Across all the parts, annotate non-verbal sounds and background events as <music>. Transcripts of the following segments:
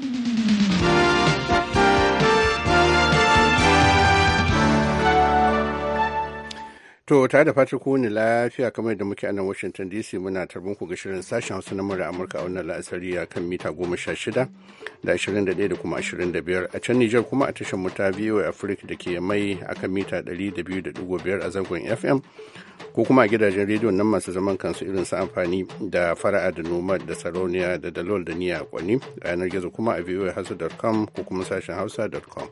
you To tare da fata ku ne lafiya kamar da muke a nan Washington DC muna tarbin ku ga shirin sashen Hausa na murar Amurka a wannan la'asari ya kan mita goma sha shida da ashirin da ɗaya da kuma ashirin da biyar a can Nijar kuma a tashar muta ta VOA Africa da ke mai a kan mita ɗari da biyu da ɗigo biyar a zangon FM ko kuma a gidajen rediyo nan masu zaman kansu irin su amfani da fara'a da noma da sarauniya da dalol da niya kwani a yanar gizo kuma a voahausa.com ko kuma sashen hausa.com.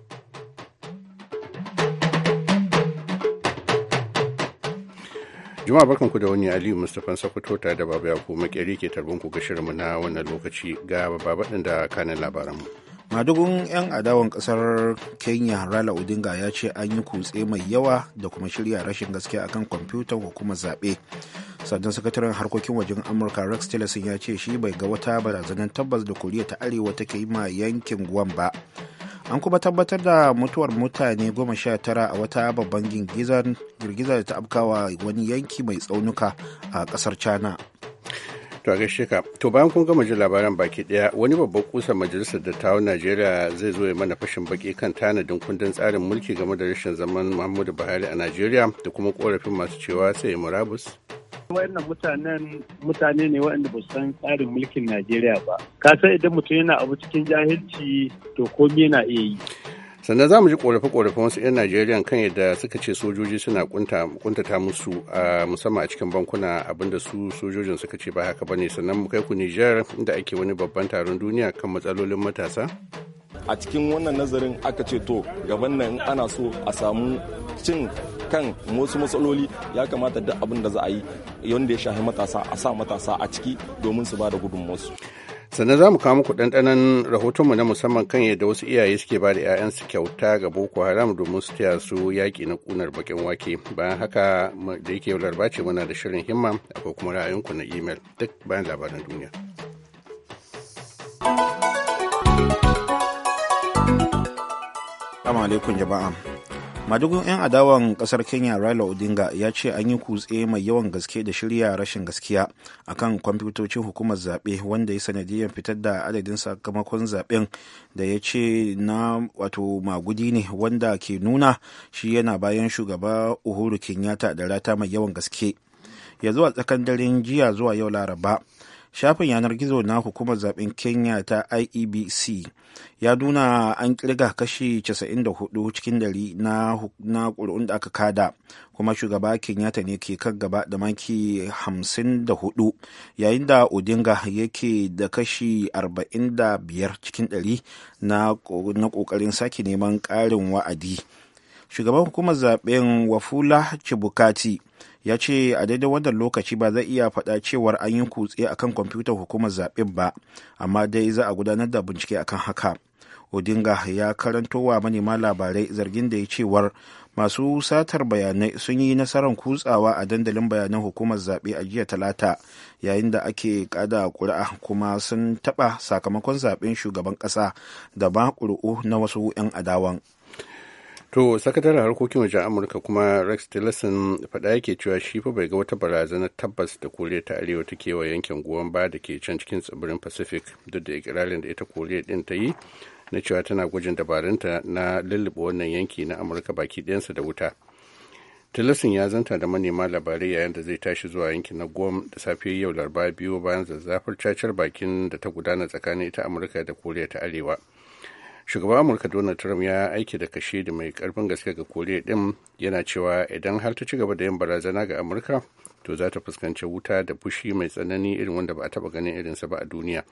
Juma'a ku da wani Aliyu Mustapha Sokoto tare da Baba Yakubu Makeri ke tarbin ku ga shirinmu na wannan lokaci ga baba ɗin da kanin mu Madugun 'yan adawan kasar Kenya rala Odinga ya ce an yi kutse mai yawa da kuma shirya rashin gaskiya akan kwamfutar hukumar zaɓe. Sannan sakataren harkokin wajen Amurka Rex Tillerson ya ce shi bai ga wata barazanar tabbas da Koriya ta Arewa take yi ma yankin Guam ba. an kuma tabbatar da mutuwar mutane goma sha tara a wata babban girgizar da ta afkawa wani yanki mai tsaunuka a kasar china to a gaishe ka to bayan kun gama jin labaran baki daya wani babban kusa majalisar dattawan najeriya zai zo ya mana fashin baki kan tanadin kundin tsarin mulki game da rashin zaman muhammadu buhari a najeriya da kuma korafin masu cewa sai murabus wayannan mutanen mutane ne waɗanda ba san tsarin mulkin Najeriya ba. Ka san idan mutum yana abu cikin jahilci to komai yana iya yi. sannan za mu ji korafe-korafen wasu 'yan najeriya kan yadda suka ce sojoji suna kuntata musu a musamman a cikin bankuna abinda su sojojin suka ce ba haka bane sannan mu kai ku nijar inda ake wani babban taron duniya kan matsalolin matasa a cikin wannan nazarin aka ce to gaban nan ana so a samu cin kan wasu matsaloli ya kamata duk abin da za a yi wanda ya shafi matasa a sa matasa a ciki domin su ba da gudunmuwarsu sannan za mu kawo muku ɗanɗanon rahotonmu na musamman kan yadda wasu iyaye suke ba da 'ya'yansu kyauta ga boko haram domin su taya su yaƙi na ƙunar baƙin wake bayan haka da yake larba ce muna da shirin himma akwai kuma ra'ayinku na imel duk bayan labaran duniya Assalamu alaikum jama'a madugun 'yan adawan kasar kenya raila odinga ya ce an yi kutse mai yawan gaske da shirya rashin gaskiya akan kwamfutocin hukumar zaɓe wanda ya sanadiyar fitar da adadin sakamakon zaɓen da ya ce na wato magudi ne wanda ke nuna shi yana bayan shugaba uhuru kenyatta da rata mai yawan gaske ya zuwa tsakan daren jiya zuwa yau laraba shafin yanar gizo na hukumar zaben kenya ta iebc ya nuna an kirga kashi 94 cikin dari na ƙuri'un da aka kada kuma shugaba kenyatta ne ke kan gaba da maki 54 yayin da odinga yake da kashi 45 cikin dari na ƙoƙarin sake neman ƙarin wa'adi shugaban hukumar zaben wafula chibukati ya ce a daidai wannan lokaci ba zai iya faɗa cewar an yi kutse akan kwamfutar hukumar zaɓen ba amma dai za a gudanar da bincike akan haka odinga ya karanto wa manema labarai zargin da ya cewar masu satar bayanai sun yi nasarar kutsawa a dandalin bayanan hukumar zaɓe a jiya talata yayin da ake kada ƙuri'a kuma sun taɓa sakamakon zaɓen shugaban ƙasa da ba ƙuri'u na wasu 'yan adawan. To sakataren harkokin wajen Amurka kuma Rex Tillerson faɗa yake cewa shi fa bai ga wata barazana tabbas da Koriya ta Arewa ta kewa yankin goyon ba da ke can cikin tsibirin Pacific duk da ikirarin da ita Koriya din ta yi na cewa tana gwajin dabarunta na lullube wannan yanki na Amurka baki ɗayansa da wuta. Tillerson ya zanta da manema labarai yayin da zai tashi zuwa yankin na Guam da safe yau Laraba biyu bayan zazzafar cacar bakin da ta gudana tsakanin ita Amurka da Koriya ta Arewa. shugaban amurka donald trump ya aiki da kashe da mai karfin gaske ga koriya din yana cewa idan har ta ci gaba da yin barazana ga amurka to za ta fuskanci wuta da fushi mai tsanani irin wanda ba a taba ganin irinsa ba a duniya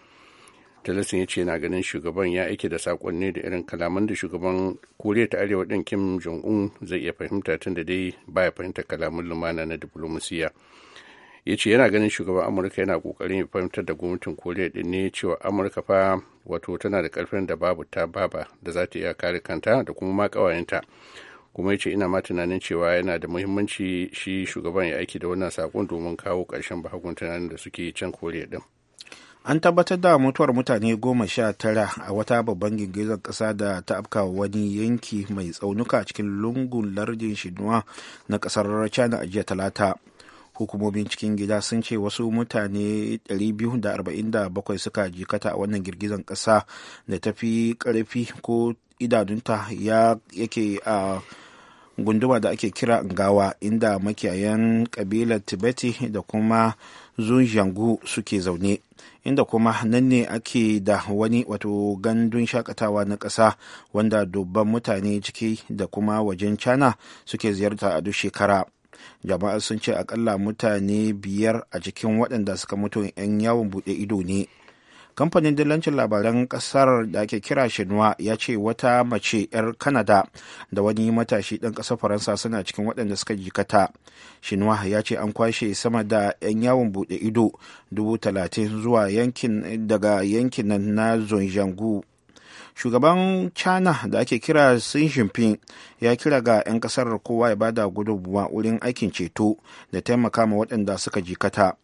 talasin ya ce na ganin shugaban ya aiki da sakonni da irin kalaman da shugaban koriya ta arewa din kim jong un zai iya fahimta tun da dai baya fahimta kalaman lumana na diplomasiya. ya ce yana ganin shugaban amurka yana kokarin ya fahimtar da gwamnatin koriya din ne cewa amurka fa wato tana da karfin da babu ta baba da za ta iya kare kanta da kuma ma kawayenta kuma ya ce ina ma tunanin cewa yana da muhimmanci shi shugaban ya aiki da wannan sakon domin kawo karshen bahagun tunanin da suke can koriya din an tabbatar da mutuwar mutane goma sha tara a wata babban girgizar kasa da ta afka wani yanki mai tsaunuka cikin lungun lardin shinuwa na ƙasar china a jiya talata hukumomin cikin gida sun ce wasu mutane 247 suka jikata a wannan girgizan ƙasa da ta fi ƙarfi ko idanunta yake a gunduma da ake kira ngawa inda makiyayan kabilar tibeti da kuma zunjangu suke zaune inda kuma nan ne ake da wani wato gandun shakatawa na ƙasa wanda dubban mutane ciki da kuma wajen cana suke ziyarta a duk shekara jama'a sun ce akalla mutane biyar a cikin waɗanda suka mutu 'yan yawon buɗe ido ne kamfanin dillancin labaran kasar da ake kira shinwa ya ce wata mace 'yar kanada da wani matashi ɗan ƙasar faransa suna cikin waɗanda suka jikata shinwa ya ce an kwashe sama da 'yan yawon buɗe ido 30 zuwa yankin daga yankin na zonjangu shugaban china da ake kira xi jinping ya kira ga 'yan kasar kowa ya bada gudunmuwa wurin aikin ceto da taimaka ma waɗanda suka jikata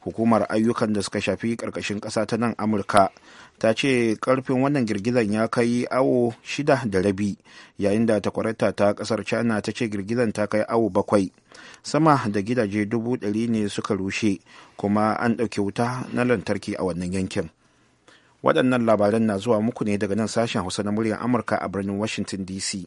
hukumar ayyukan da suka shafi ƙarƙashin ƙasa ta nan amurka ta ce ƙarfin wannan girgizar ya kai awo shida da rabi yayin da takwarata ta ƙasar china ta ce girgizar ta kai awo bakwai sama da gidaje dubu ɗari ne suka rushe kuma an ɗauki wuta na lantarki a wannan yankin waɗannan labaran na zuwa muku ne daga nan sashen hausa na muryar amurka a birnin washington dc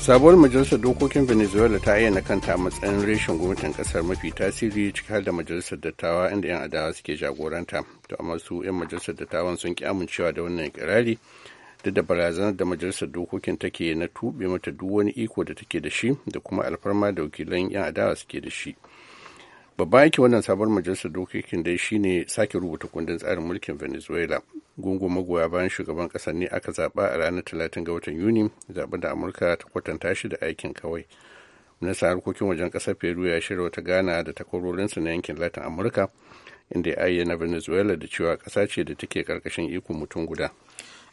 sabuwar majalisar dokokin venezuela ta ayyana kanta a matsayin reshen gwamnatin kasar mafi tasiri ciki har da majalisar dattawa inda 'yan adawa suke jagoranta to amma su 'yan majalisar dattawan sun ki amincewa da wannan kirari duk da barazanar da majalisar dokokin take na tuɓe mata duk wani iko da take da shi da kuma alfarma da wakilan 'yan adawa suke da shi babban aiki wannan sabon majalisar dokokin dai shine sake rubuta kundin tsarin mulkin venezuela gungun magoya bayan shugaban kasar ne aka zaba a ranar talatin ga watan yuni zaben da amurka ta kwatanta shi da aikin kawai ministan harkokin wajen kasar peru ya shirya wata gana da takwarorinsa na yankin latin amurka inda ya ayyana venezuela da cewa ƙasa ce da take karkashin ikon mutum guda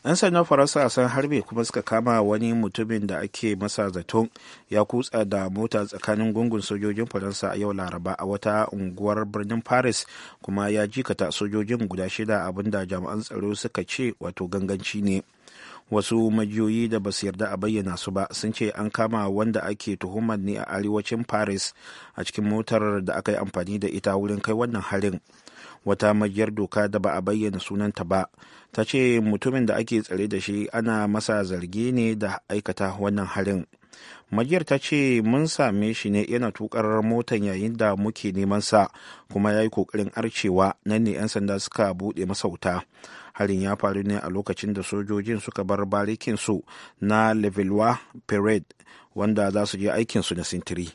'yan sandan faransa a san harbe kuma suka kama wani mutumin da ake masa zaton ya kutsa da mota tsakanin gungun sojojin faransa a yau laraba a wata unguwar birnin paris kuma ya jikata sojojin guda shida abinda jami'an tsaro suka ce wato ganganci ne wasu majiyoyi da ba su yarda a bayyana su ba sun ce an kama wanda ake tuhumar ne a arewacin paris a cikin motar da aka yi amfani da ita wurin kai wannan harin wata majiyar doka da ba a bayyana sunanta ba ta ce mutumin da ake tsare da shi ana masa zargi ne da aikata wannan harin majiyar ta ce mun same shi ne yana tukar motan yayin da muke neman sa kuma ya yi kokarin arcewa nan ne 'yan sanda suka buɗe masa wuta harin ya faru ne a lokacin da sojojin suka bar barikinsu na levelwa parade wanda za su je aikinsu na sintiri.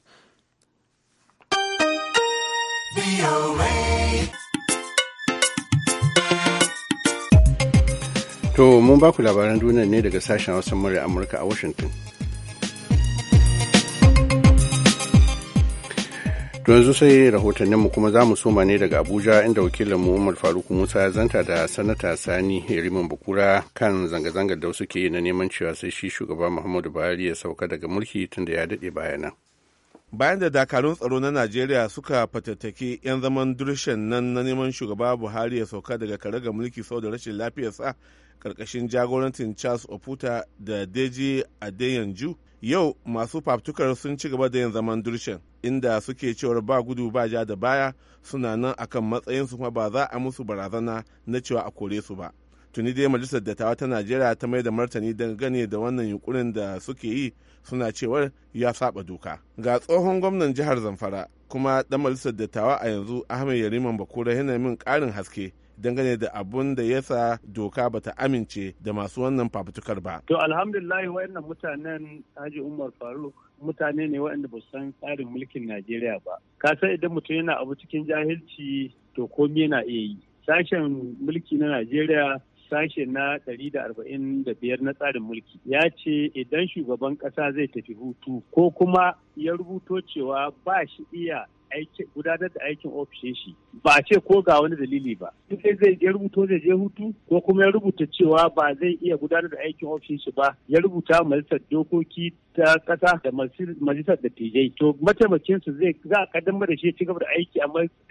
To mun ba ku labaran duniya ne daga sashen Hausa murya Amurka a Washington. To yanzu sai rahotanninmu kuma za mu soma ne daga Abuja inda wakilin mu Umar Faruk Musa ya zanta da sanata Sani rimin Bukura kan zanga-zangar da suke yi na neman cewa sai shi shugaba Muhammadu Buhari ya sauka daga mulki tunda ya daɗe bayanan. bayan da dakarun tsaro na najeriya suka fatattaki 'yan zaman dirshen nan na neman shugaba buhari ya sauka daga kare ga mulki sau da rashin lafiyarsa karkashin jagorancin charles oputa da deji adeyanju yau masu faftukar sun ci gaba da yin zaman durshen inda suke cewar ba gudu ba ja da baya suna nan akan matsayinsu kuma ba za a musu barazana na cewa a kore su ba tuni dai majalisar dattawa ta najeriya ta mai da martani dangane da wannan yunkurin da suke yi suna cewar ya saba doka ga tsohon gwamnan jihar zamfara kuma dan majalisar dattawa a yanzu ahmed yariman bakura yana min karin haske dangane da abun da ya sa doka bata amince da masu wannan fafutukar ba. To alhamdulillah wayannan mutanen Haji Umar Faruk mutane ne waɗanda ba san tsarin mulkin Najeriya ba. Ka san idan mutum yana abu cikin jahilci to komai yana iya yi. Sashen mulki na Najeriya sashe na ɗari da da arba'in biyar na tsarin mulki ya ce idan shugaban ƙasa zai tafi hutu ko kuma ya rubuto cewa ba shi iya gudanar da aikin ofishin shi ba ce ko ga wani dalili ba sai zai ya rubuto zai je hutu ko kuma ya rubuta cewa ba zai iya gudanar da aikin ofishin shi ba ya rubuta majalisar dokoki ta kasa da majalisar da tijai to mataimakin su zai za a kaddamar da shi ci gaba da aiki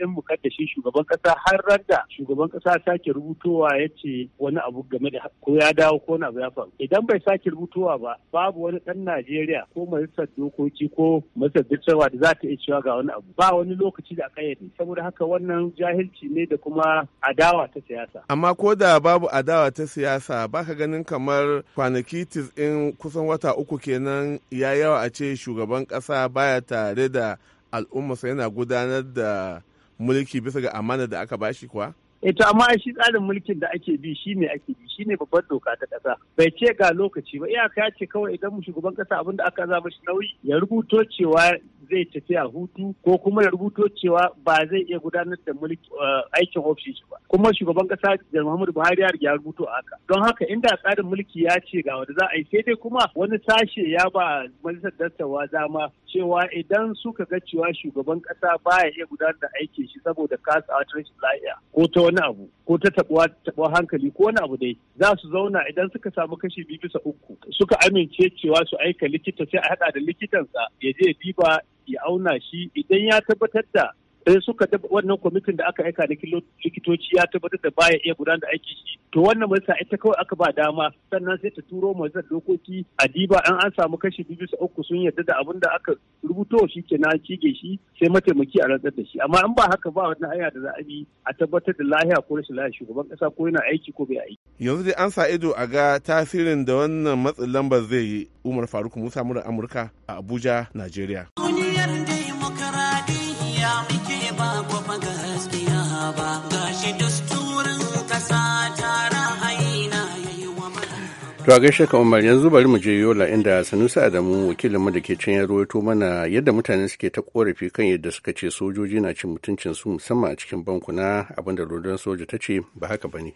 mu matsayin shi shugaban kasa har ran da shugaban kasa sake rubutowa ya ce wani abu game da ko ya dawo ko na abu ya faru idan bai sake rubutowa ba babu wani ɗan Najeriya ko majalisar dokoki ko majalisar dattawa da za ta iya cewa ga wani abu ba ba wani lokaci da aka kayyade saboda haka wannan jahilci ne da kuma adawa ta siyasa amma ko da babu adawa ta siyasa baka ganin kamar kwanaki in kusan wata uku kenan ya yawa a ce shugaban kasa baya tare da al'ummarsa yana gudanar da mulki bisa ga amana da aka bashi kuwa Eto eh, amma shi tsarin mulkin da ake bi shi ne ake bi shi ne babbar doka ta kasa bai ce ga lokaci ba iyaka ya ce kawai idan mu shugaban kasa abin da aka zama shi nauyi ya rubuto cewa zai tafiya hutu ko kuma ya rubuto cewa ba zai iya gudanar da mulki eh, aikin ofishi ba kuma shugaban kasa da Muhammadu Buhari ya rubuto haka don haka inda tsarin mulki ya ce ga wanda za a yi sai dai kuma wani sashe ya ba majalisar dattawa dama cewa idan suka ga cewa shugaban kasa baya iya gudanar da aikin shi saboda kasa a rashin lafiya ko ta wani abu ko ta tabuwa tabuwa hankali ko wani abu dai za su zauna idan suka samu kashi biyu bisa uku suka amince cewa su aika likita sai a hada da likitansa ya je diba ya auna shi idan ya tabbatar da sai suka wannan kwamitin da aka aika da likitoci ya tabbatar da baya iya gudanar da aiki shi to wannan majalisa ita kawai aka ba dama sannan sai ta turo majalisar dokoki a diba an an samu kashi biyu bisa uku sun yarda da abin da aka rubuto shi ke na cige shi sai mataimaki a rantsar da shi amma an ba haka ba wannan hanya da za a bi a tabbatar da lahiya ko rashin lahiya shugaban kasa ko yana aiki ko bai aiki. yanzu dai an sa ido a ga tasirin da wannan matsin lambar zai yi umar faruk musa mura amurka a abuja nigeria. To a gaishe ka Umar yanzu bari mu je Yola inda Sanusi Adamu wakilinmu da ke can ya rawaito mana yadda mutane suke ta korafi kan yadda suka ce sojoji na cin mutuncin su musamman a cikin bankuna abinda rundunar soja ta ce ba haka bane. ne.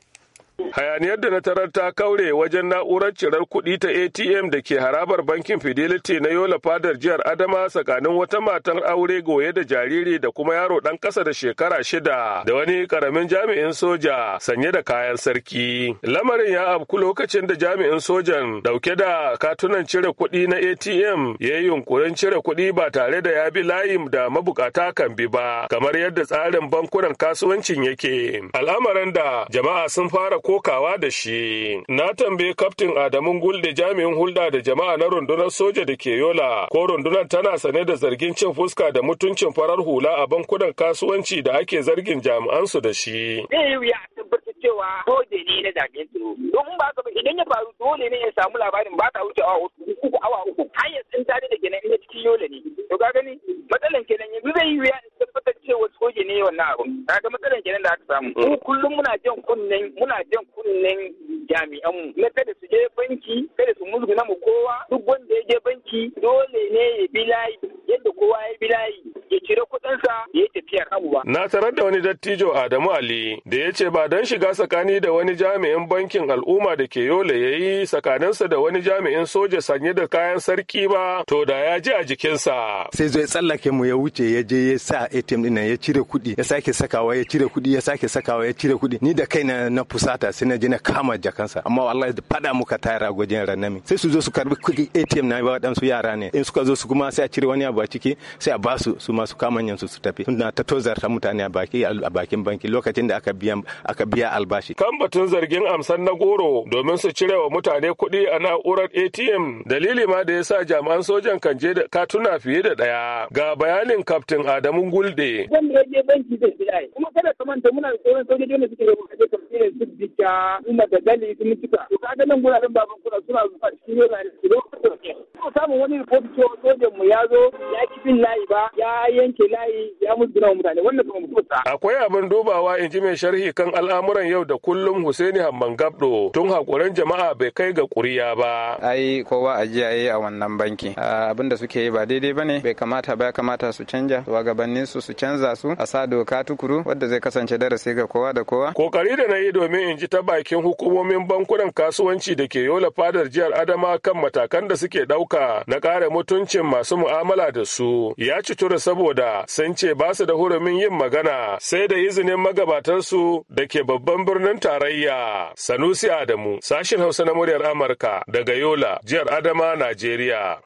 Hayaniyar da na tarar ta kaure wajen na'urar cirar kuɗi ta ATM da ke harabar bankin Fidelity na Yola Fadar jihar Adama tsakanin wata matar aure goye da jariri da kuma yaro ɗan ƙasa da shekara shida da wani ƙaramin jami'in soja sanye da kayan sarki. Lamarin ya afku lokacin da jami'in sojan ɗauke da katunan cire kuɗi na ATM ya yi yunkurin cire kuɗi ba tare da ya bi layin da mabukata kan bi ba kamar yadda tsarin bankunan kasuwancin yake. Al'amarin da jama'a sun fara kokawa da shi. Na tambayi kaftin Adamu Gulde jami'in hulɗa da jama'a na rundunar soja da ke Yola ko rundunar tana sane da zargin cin fuska da mutuncin farar hula a bankunan kasuwanci da ake zargin jami'ansu da shi. Zai wuya tabbatar cewa soja ne na jami'an tsaro. Domin ba ka idan ya faru dole ne ya samu labarin ba ta wuce awa uku awa uku. Har yanzu in tare da kenan in cikin Yola ne. To ka gani matsalan kenan yanzu zai yi wuya ce cewa soja ne wannan abun kaga matsalar kenan da aka samu mm. mu kullum muna jan kunnen muna jan kunnen jami'an mu na kada su je banki kada su musguna mu kowa duk wanda ya je banki dole ne ya bi layi yadda kowa ya bi layi ya cire kuɗinsa ya tafiyar abuwa na tarar da wani dattijo Adamu Ali da ya ce ba don shiga tsakani da wani jami'in bankin al'umma da ke yole ya yi tsakaninsa da wani jami'in soja sanye da kayan sarki ba to da ya ji a jikinsa sai zo ya tsallake mu ya wuce ya je ya sa ATM din ya cire kuɗi ya sake sakawa ya cire kuɗi ya sake sakawa ya cire kuɗi ni da kai na na fusata sai na je na kama jakansa amma wallahi da fada muka tayar a ran ranami sai su zo su karbi kuɗi ATM na ba waɗansu yara ne in suka zo su kuma sai a cire wani abu a ciki sai a ba su su ma su kama yan su su tafi suna ta ta mutane a baki a bakin banki lokacin da aka biya aka biya albashi kan batun zargin amsan na goro domin su cire wa mutane kuɗi a na'urar ATM dalili ma da yasa jami'an sojan kan je da katuna fiye da ɗaya ga bayanin kaftin Adamu Fulde. Zan da je banki zai fi ai. Kuma kada ka manta muna da sauran sojoji wanda suke da kaje kamfiyar su dika kuma da gali su mutuka. To kaga nan guraren baban kuna suna zuwa cikin yau na lokacin. Kuma samun wani report cewa sojan mu ya zo ya ki bin layi ba ya yanke layi ya musguna wa mutane wannan kuma mutuwa. Akwai abin dubawa in ji mai sharhi kan al'amuran yau da kullum Husaini Hamman Gabdo tun hakuran jama'a bai kai ga kuriya ba. Ai kowa ajiya yayi a wannan banki. Ah, abin da suke yi ba daidai bane bai kamata ba ya kamata su canja. Wa gabanin su su canza su a sa doka tukuru wadda zai kasance darasi ga kowa da kowa. Kokari da na yi domin in ji ta bakin hukumomin bankunan kasuwanci da ke yola fadar jihar Adama kan matakan da suke ɗauka na kare mutuncin masu mu'amala da su ya ci tura saboda sun ce ba su da hurumin yin magana sai da izinin magabatansu da ke babban birnin tarayya. Sanusi Adamu, sashin Hausa na muryar Amurka daga Yola, jihar Adama, Najeriya.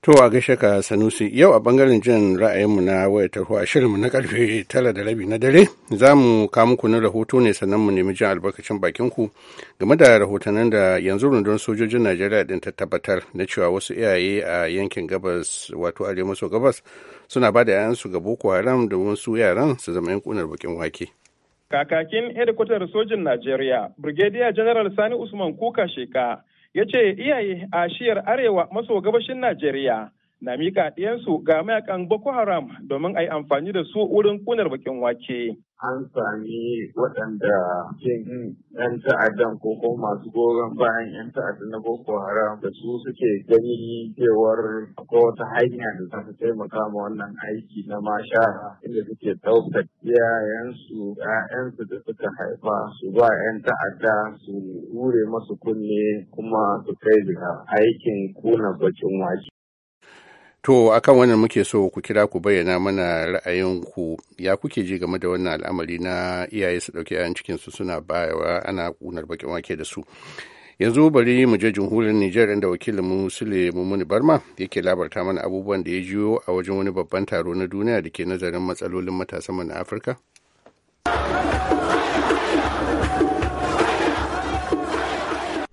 To a gaishe ka Sanusi yau a bangaren jin ra'ayinmu na waya tarho a shirinmu na karfe tara da rabi na dare za mu kamu ku na rahoto ne sannan mu nemi jin albarkacin bakin ku game da rahotannin da yanzu rundun sojojin Najeriya din ta tabbatar na cewa wasu iyaye a yankin gabas wato arewa maso gabas suna ba da 'ya'yansu ga Boko Haram da wasu yaran su zama yan kunar bakin wake. Kakakin hedikwatar sojin Najeriya, Brigadier General Sani Usman Kuka Sheka, ya ce iyaye a shiyar arewa maso gabashin Najeriya na mika ɗiyansu ga mayakan Boko Haram domin a yi amfani da su wurin kunar bakin wake. An sami waɗanda cin 'yan ta'addan ko kuma masu goron bayan 'yan ta'addan na Boko Haram da su suke gani cewar akwai wata hanya da za su taimaka ma wannan aiki na masha inda suke ɗaukar iyayensu ‘ya'yansu da suka haifa su ba 'yan ta'adda su hure masu kunne kuma su kai da aikin kuna bakin wake. To akan wannan muke so ku kira ku bayyana mana ra'ayinku ya kuke ji game da wannan al'amari na iyaye su ɗauki 'ya'yan cikinsu suna bayawa ana kunar baƙin wake da su. yanzu bari mu je jamhuriyar Nijar inda wakilin mu Sule Mumuni Barma yake labarta mana abubuwan da ya jiyo a wajen wani babban taro na duniya da ke nazarin matsalolin matasan na Afirka.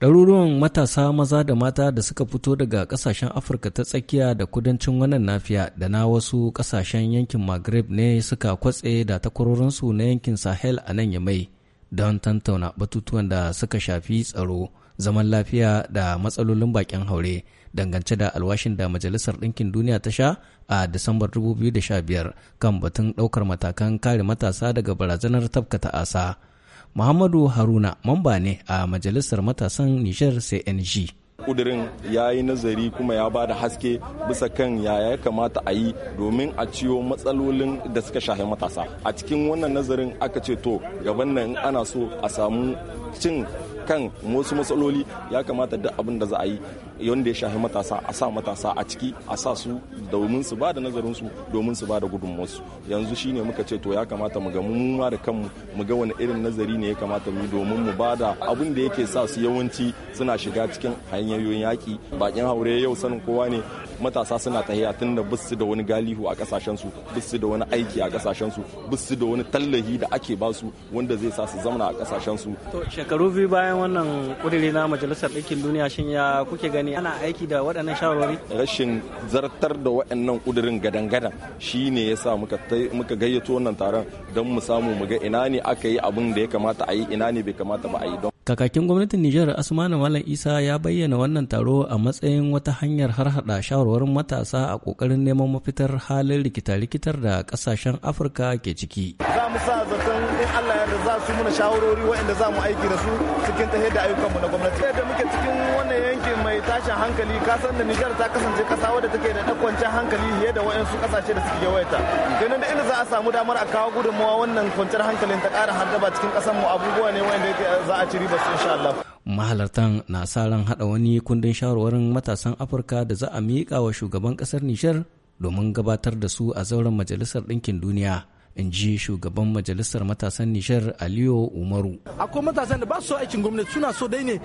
ɗaruruwan matasa maza da mata da suka fito daga ƙasashen afirka ta tsakiya da kudancin wannan nafiya da na wasu ƙasashen yankin maghreb ne suka kwatse da takwarorinsu na yankin sahel a nan yamai don tantauna batutuwan da suka shafi tsaro zaman lafiya da matsalolin bakin haure dangance da alwashin da majalisar ɗinkin duniya ta sha a disambar 2015 kan batun ɗaukar matakan kare matasa daga barazanar tafkata asa muhammadu haruna mamba ne a majalisar matasan nijar cng kudirin ya yi nazari kuma ya ba da haske bisa kan yaya ya kamata a yi domin a ciwo matsalolin da suka shahe matasa a cikin wannan nazarin aka ce to gaban nan ana so a samu cin kan wasu matsaloli ya kamata duk abin da za a yi wanda ya shafi matasa a sa matasa a ciki a sa su domin su ba da nazarin su domin su ba da gudunmuwarsu yanzu shine muka ce to ya kamata mu ga mu ma da kanmu mu ga wani irin nazari ne ya kamata mu domin mu ba da abin da yake sa su yawanci suna shiga cikin hanyoyin yaki bakin haure yau sanin kowa ne matasa suna tahiya tun da bisu da wani galihu a kasashen su bisu da wani aiki a kasashen su bisu da wani tallahi da ake ba su wanda zai sa su zauna a kasashen su to shekaru biyu bayan wannan kudiri na majalisar ɗinkin duniya shin ya kuke gani ana aiki da waɗannan shawarwari rashin zartar da waɗannan kudirin gadan-gadan shine yasa muka muka gayyato wannan taron don mu samu mu ga ina ne aka yi abin da ya kamata a yi ina ne bai kamata ba a yi don Kakakin gwamnatin Nijar Asmanu Malam Isa ya bayyana wannan taro a matsayin wata hanyar harhaɗa shawarwarin matasa a ƙoƙarin neman mafitar halin rikita-rikitar da ƙasashen Afirka ke ciki. Za mu sa zaton in Allah yarda za su muna shawarori waɗanda za mu aiki da su cikin ta da ayyukanmu na gwamnati. wannan yankin mai tashin hankali ka san da Nijar ta kasance kasa wadda take da kwanciyar hankali fiye da wayansu kasashe da suke yawaita ganin da inda za a samu damar a kawo gudunmawa wannan kwanciyar hankali ta ƙara haddaba cikin ƙasar mu abubuwa ne wanda yake eh, za a ci riba su insha Allah mahalartan na sa ran hada wani kundin shawarwarin matasan Afirka da za a miƙa wa shugaban kasar Nijar domin gabatar da su a zauren majalisar ɗinkin duniya in ji shugaban majalisar matasan nishar aliyu umaru akwai matasan da ba su aikin gwamnati suna so dai ne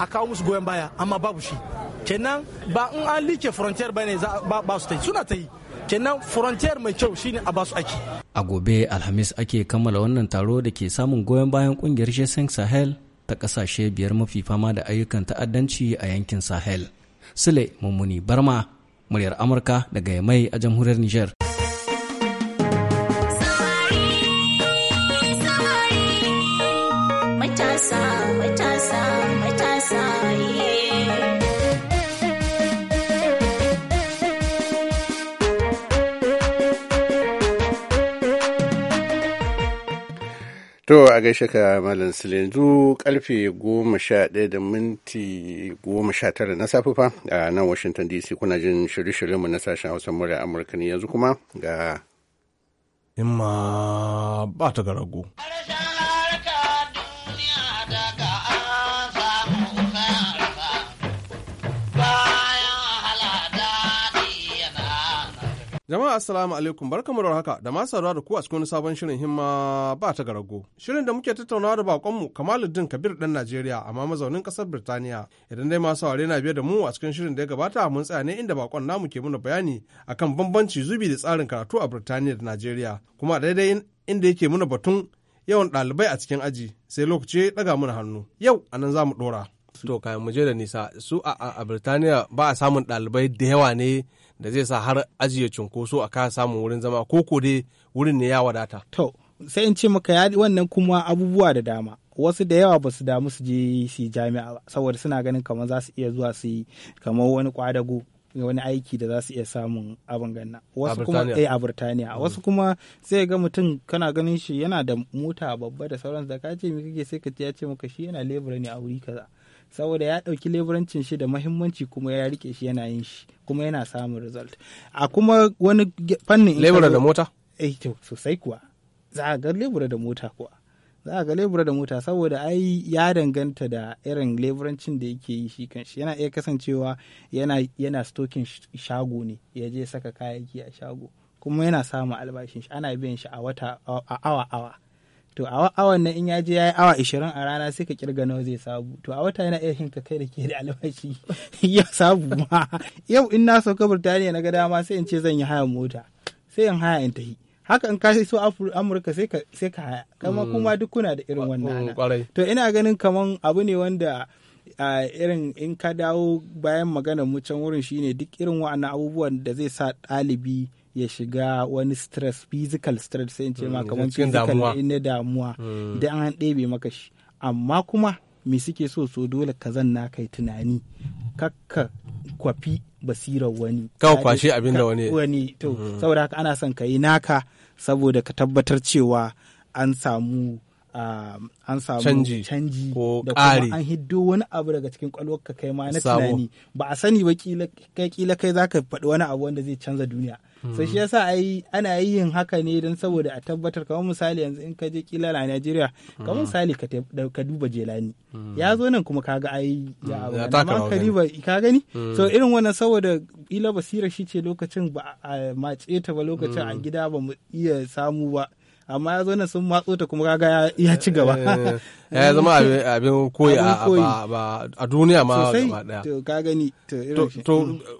a kawo musu goyon baya amma babu shi kenan ba in an like frontier ba ne ba su ta yi suna ta yi kenan frontier mai kyau shine a ba su aiki. A gobe Alhamis ake kammala wannan taro da ke samun goyon bayan kungiyar Shesen Sahel ta kasashe biyar mafi fama da ayyukan ta'addanci a yankin Sahel. Sule Mummuni Barma, muryar Amurka daga mai a jamhuriyar Nijar. a gaishe ka malam yanzu karfe goma sha ɗaya da minti goma sha tara na safe fa a nan washington dc kuna jin shirye-shiryenmu na sashen hausa murya amurka ne yanzu kuma ga imma ba ta ga rago. Jama'a assalamu alaikum barkamu da haka da masu da ku a cikin sabon shirin himma ba ta garago. Shirin da muke tattaunawa da bakonmu Kamaluddin Kabir dan Najeriya amma mazaunin kasar Birtaniya. Idan dai masu saurare na biye da mu a cikin shirin da ya gabata mun tsaya ne inda bakon namu ke muna bayani akan bambanci zubi da tsarin karatu a Birtaniya da Najeriya kuma daidai inda yake muna batun yawan ɗalibai a cikin aji sai lokaci ya ɗaga mana hannu. Yau anan za mu ɗora. to kayan mu je da nisa su a a Birtaniya ba a samun dalibai da yawa ne da zai sa har ajiye cunkoso a kasa samun wurin zama ko ko dai wurin ne ya wadata. To sai in ce maka ya wannan kuma abubuwa da dama wasu da yawa ba su damu su je su jami'a ba saboda suna ganin kamar za su iya zuwa su yi kamar wani kwadago wani aiki da za su iya samun abin ganna wasu kuma eh a wasu kuma eh, mm. sai ga mutum kana ganin shi yana da mota babba da sauran da ka ce me kake sai ka ya ce maka shi yana lebura ne a wuri kaza saboda ya ɗauki leburancin shi da mahimmanci kuma ya rike shi yana yin shi kuma yana samun result a kuma wani fannin lebura da mota eh to sosai kuwa za a ga lebura da mota kuwa za a ga lebura da mota saboda ai ya danganta da irin leburancin da yake yi shi kanshi yana iya kasancewa yana yana stokin shago ne ya je saka kayayyaki a shago kuma yana samun albashin shi ana biyan shi a wata a awa awa to a awan nan in ya je ya yi awa ishirin a rana sai ka kirga nawa zai sabu to a wata yana iya shin ka kai da ke da albashi <laughs> ya sabu ma yau in na sauka Burtaniya na ga dama sai in ce zan yi haya mota sai in haya in tahi haka in ka so Amurka sai ka haya kama mm. kuma duk kuna da irin wannan to ina ganin kaman abu ne wanda a irin in ka dawo bayan magana mu can wurin shine duk irin wa'annan abubuwan da zai sa ɗalibi ya shiga wani stress physical stress sai in ce mm, maka kamar physical ne damuwa mm. da an ɗebe maka shi amma kuma me suke so so dole ka zanna kai tunani kakka kwafi basirar wani kawo kwashe abin da wani wani to mm. saboda haka ana son ka yi naka saboda ka tabbatar cewa an samu Um, an samu canji da kuma an hiddo wani abu daga cikin ka kai ma na tunani ba a sani ba kila kai zaka faɗi wani abu wanda zai canza duniya sai shi hmm. yasa ai ana yin haka ne don saboda a tabbatar kamar misali yanzu in ka je kila na Najeriya kamar hmm. misali ka duba Jelani hmm. ya zo nan kuma kaga ai ya abu ka duba ka gani so irin wannan saboda ila basira shi ce lokacin ba a mace ta ba lokacin a gida ba mu iya samu ba amma ya zo nan sun matso ta kuma kaga ya ci gaba eh, ya zama abin koyi a duniya ma gaba daya to ka gani to to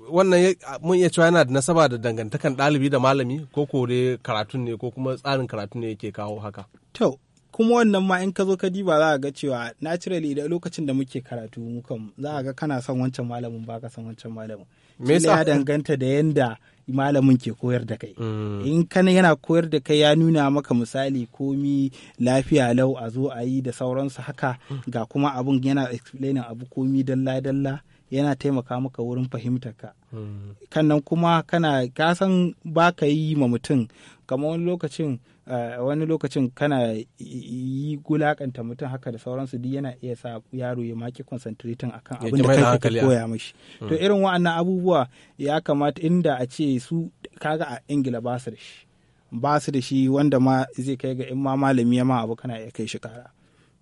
wannan mun iya cewa yana da nasaba da dangantakan ɗalibi da malami ko ko dai karatun ne ko kuma tsarin karatun ne yake kawo haka to kuma wannan ma in ka zo ka diba za a ga cewa naturally da lokacin da muke karatu mu kan za ga kana son wancan malamin ba ka son wancan malamin me ya danganta da yanda malamin ke koyar da kai mm. in kana yana koyar da kai ya nuna maka misali komi lafiya lau a zo a yi da sauransu haka mm. ga kuma abin yana explaining abu komi dalla dalla yana taimaka maka wurin fahimtar ka mm. kannan kuma kana kasan baka yi ma mutum kamar wani lokacin Eh, wani lokacin kana yi gulakanta mutum haka da sauransu duk yana iya sa yaro ya maki concentrating akan abin da kai koya mishi hmm. to irin wa'annan abubuwa ya kamata inda a ce su kaga a ingila ba su da shi ba su da shi wanda ma zai kai ga in ma malami ya ma abu kana iya kai shi kara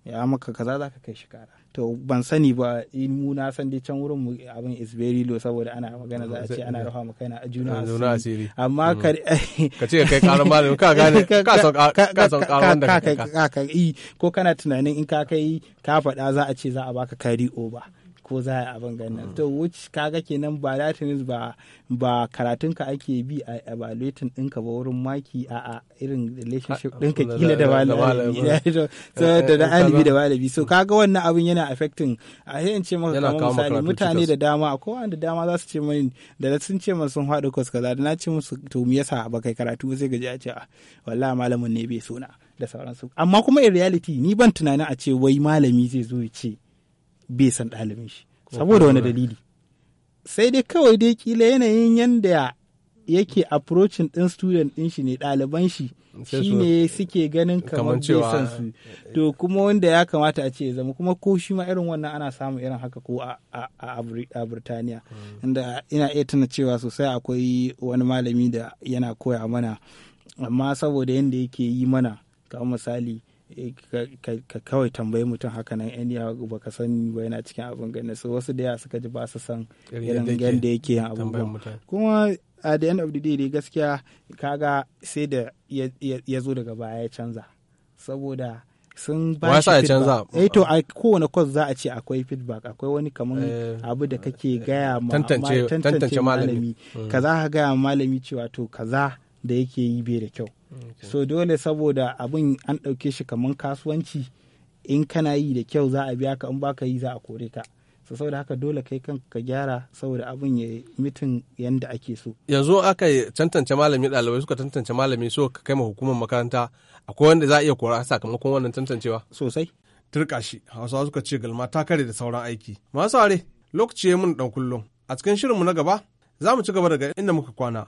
ya maka kaza za ka kai shi kara to ban sani ba in mu na san dai can wurin mu abin is very low saboda ana magana za a ce ana rafa mu kaina a juna asiri amma mm. <laughs> <laughs> ka ka ce kai karan malam ka gane ka san ka san karan da ka kai ko kana tunanin in ka kai ka faɗa za a ce za a baka o ba. ko za a abin ganin mm. to which kaga kenan ba latin ba ba karatun ka ake bi a evaluating ɗinka ba wurin maki a a irin relationship ah, ɗinka kila da malami da alibi da malami so kaga wannan abin yana affecting a yayin ce maka kamar misali mutane da dama ko wanda dama za su ce mani da sun ce min sun haɗu kwas kaza da na ce musu to me yasa ba kai karatu sai gaji a ce ah, wallahi malamin ne bai sona da sauransu amma kuma in reality ni ban tunanin a ce wai malami zai zo ya ce bai san ɗalibin shi saboda wani dalili sai dai kawai dai kila yanayin yanda yake approaching ɗin student ɗin shi ne ɗaliban shi shi ne suke ganin kamar bai san su to kuma wanda ya kamata a ce ya zama kuma ko shi ma irin wannan ana samun irin haka ko a Burtaniya hmm. inda ina iya tana cewa sosai akwai wani malami da yana koya mana amma saboda yanda yake yi mana kamar misali Eh, ka kawai tambayi mutum haka nan yan ba ka san ba yana cikin abin gani su wasu da yawa suka ji ba su san irin yadda yake yin abubuwan kuma a the end of the day gaskiya kaga sai da ya zo daga baya ya canza saboda sun ba shi feedback. Eh to a kowane course za a ce akwai feedback akwai wani kamar eh, abu da kake eh, gaya ma tantance malami hmm. kaza ka gaya malami cewa to kaza da yake yi bai da kyau so dole saboda abin an ɗauke shi kamar kasuwanci in kana yi da kyau za a biya ka in baka yi za a kore ka so saboda haka dole kai kanka ka gyara saboda abin ya mitin yanda ake so yanzu aka tantance malami ɗalibai suka tantance malami so ka kai ma hukumar makaranta akwai wanda za a iya kora sakamakon wannan tantancewa sosai turka shi hausawa suka ce galma ta kare da sauran aiki masu are lokaci ya mun dan kullum a cikin shirin mu na gaba za mu ci gaba daga inda muka kwana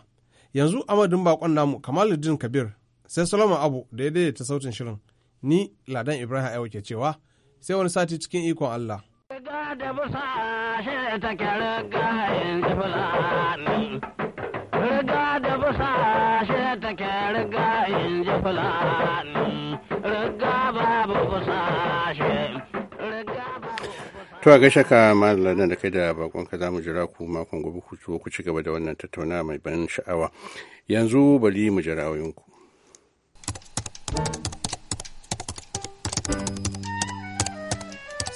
yanzu amadin bakon namu kamaluddin kabir sai solomon abu da ya daidaita sautin shirin ni ladan ibrahim aiwa ke cewa sai wani sati cikin ikon allah da busa shi ta riga da busa shi ta riga yin ji fulani riga babu busa shi To a gaishe ka malala da kai da bakonka za mu jira ku makon gobe ku zo ku ci gaba da wannan tattauna mai ban sha'awa. Yanzu bari mu jira ku.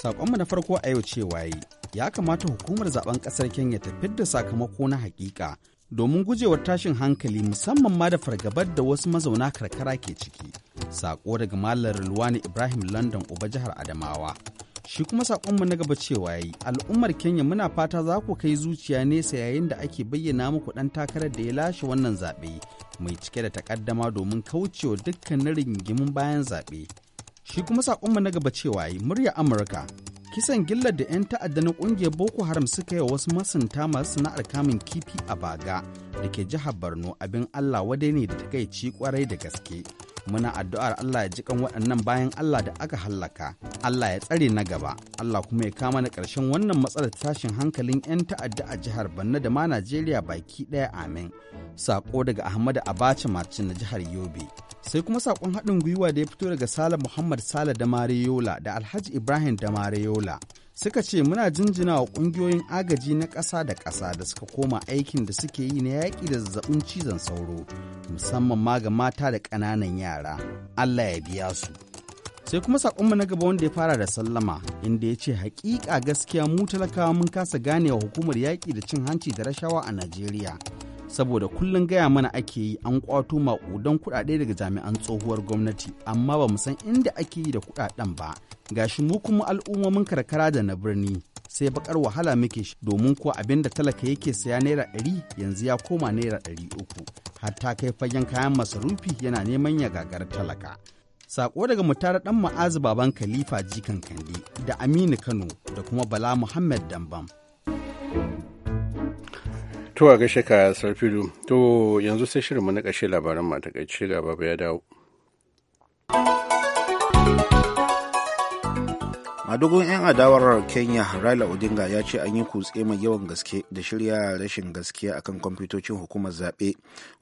Sakonmu na farko a yau cewa yi ya kamata hukumar zaben kasar Kenya ta fidda sakamako na hakika domin gujewar tashin hankali musamman ma da fargabar da wasu mazauna karkara ke ciki. Sako daga Malar Luwani Ibrahim London Uba jihar Adamawa. Shi kuma saƙonmu na gaba cewa yi, al'ummar Kenya muna fata za ku kai zuciya nesa yayin da ake bayyana muku ɗan takarar da ya lashe wannan zaɓe mai cike da takaddama domin kaucewa dukkanin rigingimin bayan zaɓe. Shi kuma saƙonmu na gaba cewa yi, murya Amurka, kisan gillar da 'yan ta'adda na kungiyar boko haram suka yi wasu masunta masu sana'ar kamun kifi a baga da ke jihar borno abin allah wadai ne da takaici kwarai da gaske muna addu'ar Allah ya jikan waɗannan bayan Allah da aka hallaka Allah ya tsare na gaba Allah kuma ya kama na ƙarshen wannan matsalar tashin hankalin 'yan ta'adda a jihar Banna da ma Najeriya baki ɗaya amin Saƙo daga Ahmadu Abacha Marcin na jihar Yobe sai kuma sakon haɗin gwiwa da ya fito daga Sale Muhammad Sale da Yola da Alhaji Ibrahim da Yola suka ce muna jinjina wa ƙungiyoyin agaji na ƙasa da ƙasa da suka koma aikin da suke yi na yaƙi da zazzabin cizon sauro musamman ma ga mata da ƙananan yara allah ya biya su sai kuma saƙonmu na gaba wanda ya fara da sallama inda ya ce haƙiƙa gaskiya mu talakawa mun kasa ganewa hukumar yaƙi da cin hanci da rashawa a najeriya saboda kullum gaya mana ake yi an kwato maƙudan kuɗaɗe daga jami'an tsohuwar gwamnati amma ba mu san inda ake yi da kuɗaɗen ba gashi mu kuma al'ummomin karkara da na birni sai bakar wahala muke shi domin ko abin da talaka yake saya naira ɗari yanzu ya koma naira ɗari uku hatta kai fagen kayan masarufi yana neman ya gagar talaka Sako daga mutara ɗan ma'azu baban Khalifa Jikan Kandi da Aminu Kano da kuma Bala Muhammad Dambam. To a gaishe ka sarfilu to yanzu sai shirin na ƙashe labaran matakaice ga baba ya dawo. madugun 'yan adawar kenya rala odinga ya ce an yi kutse mai yawan gaske da shirya rashin gaskiya akan kwamfutocin hukumar zaɓe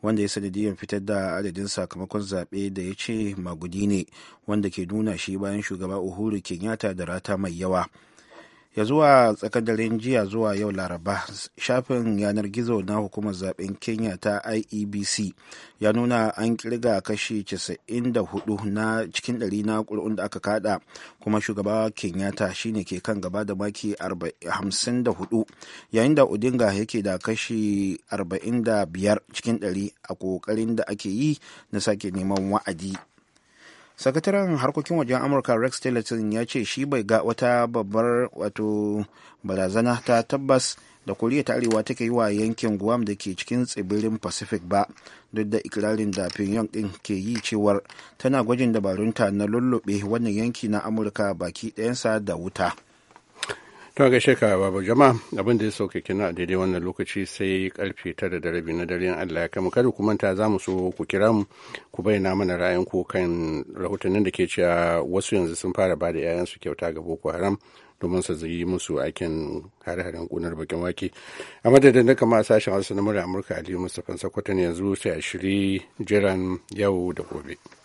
wanda ya sanadiyyar fitar da adadin sakamakon zaɓe da ya ce magudi ne wanda ke nuna shi bayan shugaba uhuru kenyatta da rata mai yawa ya zuwa tsakar daren jiya zuwa yau laraba shafin yanar gizo na hukumar zaben kenya ta iebc ya nuna an kirga kashi 94 na cikin dari na ƙuri'un da aka kada kuma shugaba kenyatta shine ke kan gaba da maki 54 yayin da odinga yake da kashi 45 cikin ɗari a ƙoƙarin da ake yi na sake neman wa'adi sakataren harkokin wajen amurka rex tillerson ya ce shi bai ga wata babbar wato barazana ta tabbas da koriya ta arewa take yi wa yankin guam da ke cikin tsibirin pacific ba duk da ikirarin da pyongyang din ke yi cewar tana gwajin dabarunta na lullube wannan yanki na amurka baki ɗayansa da wuta ta gaishe ka babu jama'a abin da ya sauke kina a daidai wannan lokaci sai karfe tara da rabi na dare allah ya kama kada ku manta za mu so ku kira mu ku bayyana mana ra'ayin ku kan rahotannin da ke cewa wasu yanzu sun fara ba da 'ya'yansu kyauta ga boko haram domin su yi musu aikin hare-haren kunar bakin wake a madadin da kama sashen wasu na murya amurka aliyu mustapha ne yanzu sai a shiri jiran yau da gobe.